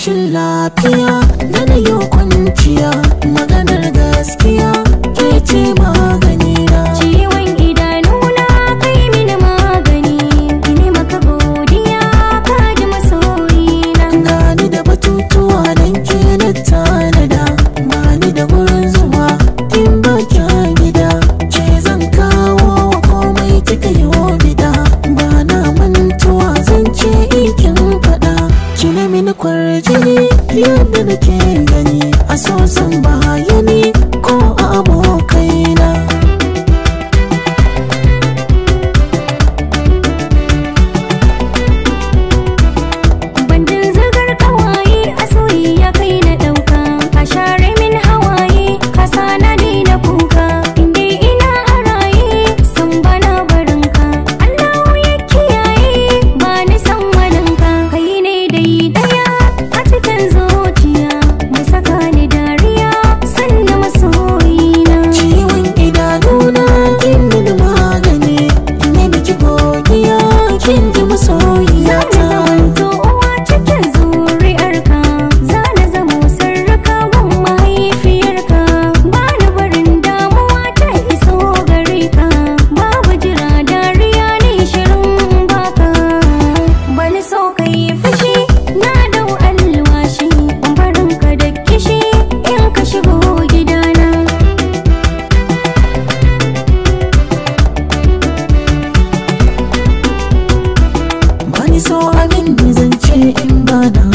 Rashin lafiya da na yau kwanciya na you, never can so abin da zan ce in ba na